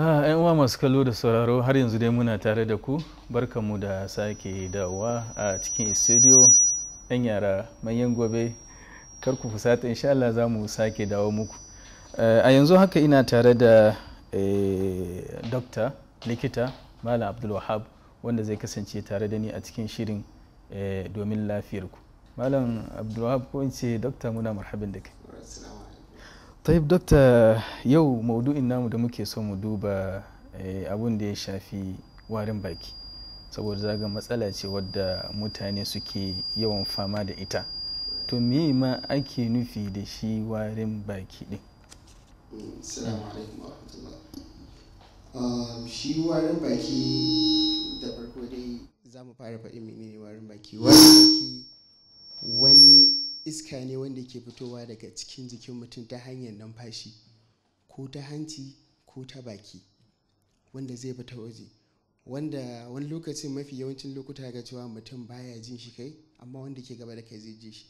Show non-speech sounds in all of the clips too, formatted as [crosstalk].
'yan ah, uwa masu kallo da sauraro har yanzu dai muna tare da ku mu da sake dawowa a cikin studio 'yan yara manyan gobe kar ku fusata insha Allah za mu sake dawo muku eh, a yanzu haka ina tare da eh, dokta likita malam abdulwahab wanda zai kasance tare da ni a cikin shirin eh, domin lafiyarku malam abdulwahab ko ce dokta muna marhabin da kai tayyib dokta yau maudu'in namu da muke so mu duba eh, abun da ya shafi warin baki saboda zaga matsala ce wadda mutane suke yawan fama da ita to me ma ake nufi da shi warin baki din um, fara faɗi menene wani iska ne wanda ke fitowa daga cikin jikin mutum ta hanyar numfashi ko ta hanci ko ta baki wanda zai fita waje wanda wani lokacin mafi yawancin lokuta ga cewa mutum baya jin shi kai amma wanda ke gaba da kai zai ji shi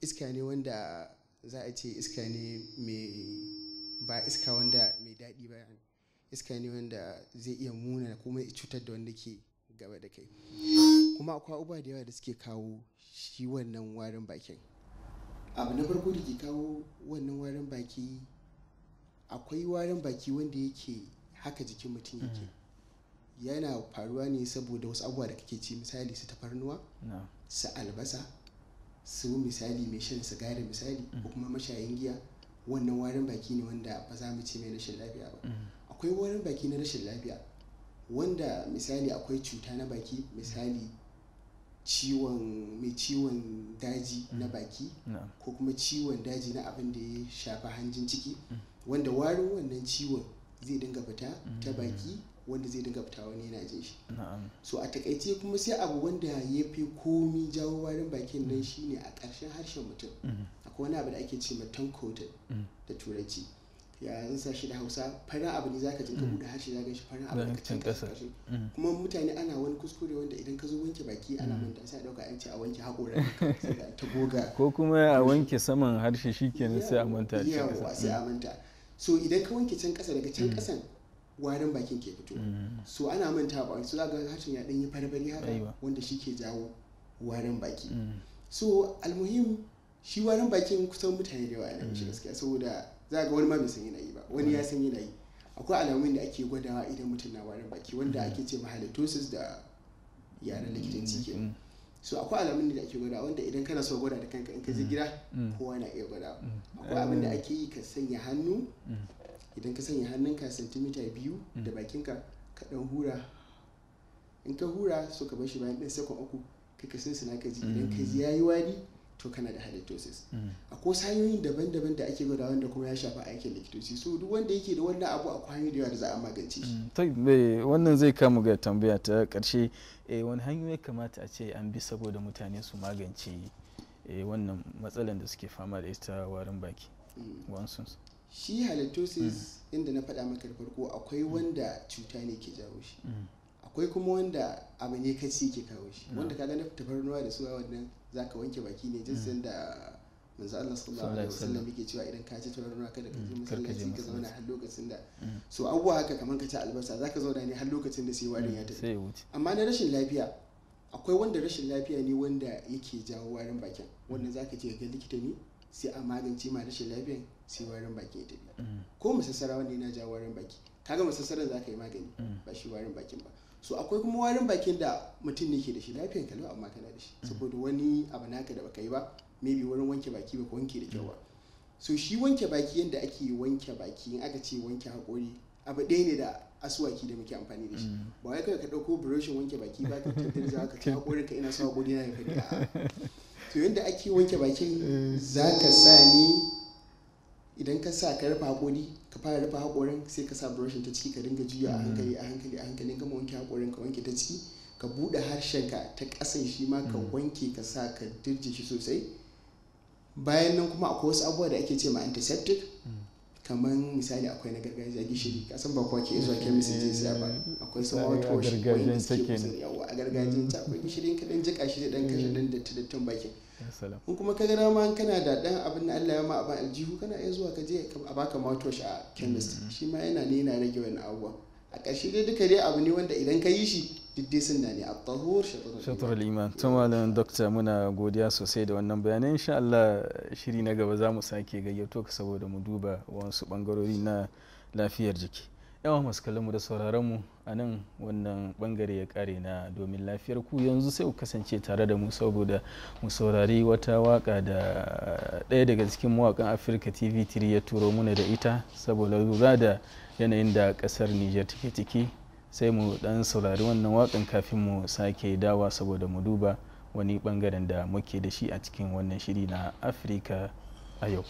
iska ne wanda za a ce iska ne mai ba iska wanda mai daɗi ba iska ne wanda zai iya muna kuma cutar da wanda ke gaba da kai kuma akwai abubuwa da yawa da suke kawo shi wannan warin bakin abu na farko da ke kawo wannan warin baki akwai warin baki wanda yake haka jikin mutum yake mm. yana faruwa ne saboda wasu abubuwa da kake ci misali su tafarnuwa su albasa su misali mai shan sigari misali ko mm. kuma mashayin giya wannan warin baki ne wanda ba za mu ce mai rashin lafiya ba mm. akwai warin baki na rashin lafiya wanda misali akwai cuta na baki misali ciwon mai ciwon daji mm. na baki ko kuma ciwon daji na abin da ya shafa hanjin ciki mm. wanda warin wannan ciwon zai dinga fita ta mm. baki wanda zai dinga fita wani yana jin shi so a takaice kuma sai abu wanda ya fi komi jawo warin bakin nan shine a ƙarshen harshen mutum akwai wani abu da ake ce ma tongue da turanci ya zan sa shi da hausa fara abu ne zaka jin ka mm. buɗe harshe za ka shi fara abu da can ƙasa mm. kuma mutane ana wani kuskure wanda idan ka zo wanke baki ana mm. manta sai a ɗauka an ce a wanke haƙora ta goga [laughs] ko kuma a wanke saman harshe ne sai a manta can ƙasa sai a manta so idan ka wanke can ƙasa daga can ƙasan warin bakin ke fito so ana manta ba su za ga harshen ya ɗan yi farbari haka wanda shi ke jawo warin baki so almuhim shi warin bakin kusan mutane da yawa ne shi gaskiya saboda za ga wani ma bai san yana yi ba wani ya mm. san yana yi akwai alamun da ake gwadawa idan mutum na warin baki wanda mm. ake ce halitosis da yaren mm. likitanci ke so akwai alamun da ake gwadawa wanda idan kana so gwada da kanka in ka je gida kowa na iya gwada akwai abin da eh. ake yi ka sanya hannu idan ka sanya hannun ka santimita biyu da bakinka ka dan hura in ka hura so ka bar shi bayan ɗan sakon uku ka ka sinsina ka ji idan ka ji yayi wari to kana da halitosis mm. akwai sayoyin daban-daban da ake gwada wanda kuma ya shafa aikin likitoci so duk wanda yake da wannan abu a hanyoyi da yawa da za a magance shi mm. wannan zai kama ga tambaya ta karshe eh, wani hanyoyi kamata a ce an bi saboda mutane su magance eh, wannan matsalar da suke fama da ita warin baki mm. shi halittosis inda na faɗa maka da farko akwai wanda cuta ne ke jawo shi akwai kuma wanda abu ne ka ci ke kawo shi mm. wanda ka gane tafarnuwa da suwa wannan ka wanke baki ne jinsin mm. da manzo Allah sallallahu alaihi wasallam yake cewa idan ka ci tafarnuwa kada ka je mm, masallaci ka zauna har lokacin da so abubuwa haka kamar ka ci albasa ka zauna ne har lokacin da sai warin ya tafi amma na rashin lafiya akwai wanda rashin lafiya ne wanda yake jawo warin bakin wanda ka je ga likita ne sai a magance ma rashin lafiyan sai warin baki ya tafi ko masassara wanda yana jawo warin baki kaga za zaka yi magani ba shi warin bakin ba so akwai kuma warin bakin da mutum ne ke da shi lafiyan kalau amma kana da shi mm. saboda wani abu naka da baka yi ba maybe wurin wanke baki baka wanke da kyau ba mm. so shi wanke baki yadda ake wanke baki in aka ce wanke haƙori abu ɗaya ne da asuwaki da muke amfani da shi mm. ba wai kai ka ɗauko brushin wanke baki ba ka tattara za ka ci haƙorin ka ina sa haƙori na da fadi to yadda ake wanke baki [laughs] eh. za ka sa ni. idan ka sa ka rufe hakori ka fara rufe hakorin, sai ka sa burushin ta ciki ka dinga juya a mm. hankali a hankali a hankali ka wanke hakorin, ka wanke ta ciki ka buɗe harshen ka ta kasan shi ma ka mm. wanke ka sa ka dirje shi sosai bayan nan kuma akwai wasu abubuwa da ake ce ma antiseptic mm. kamar misali akwai na gargajiya gishiri kasan ba kowa ke zuwa kemis je siya ba akwai sama wato da suke kusan yawa a gargajiyan ta akwai gishirin ka dan jika shi dan kashe mm. dan ta dattin bakin in kuma ka gara ma kana da dan abin da Allah ya ma abin aljihu kana iya zuwa ka je a baka mouthwash a kemis mm. shi ma yana ne yana rage wani abubuwa a ƙarshe dai duka dai abu ne wanda idan ka yi shi dai sunna ne a shatar iman to malam dokta muna godiya sosai da wannan bayanai insha Allah shiri na gaba za mu sake gayyato ka saboda mu duba wasu bangarori na lafiyar jiki yawa masu kallon mu da sauraron mu a nan wannan bangare ya kare na domin lafiyar ku yanzu sai ku kasance tare da mu saboda mu saurari wata waka da ɗaya daga cikin mawakan afirka tv 3 ya turo muna da ita saboda lura da yanayin da ƙasar niger take ciki sai mu dan saurari wannan wakan kafin mu sake dawa saboda mu duba wani ɓangaren da muke da shi a cikin wannan shiri na afirka a yau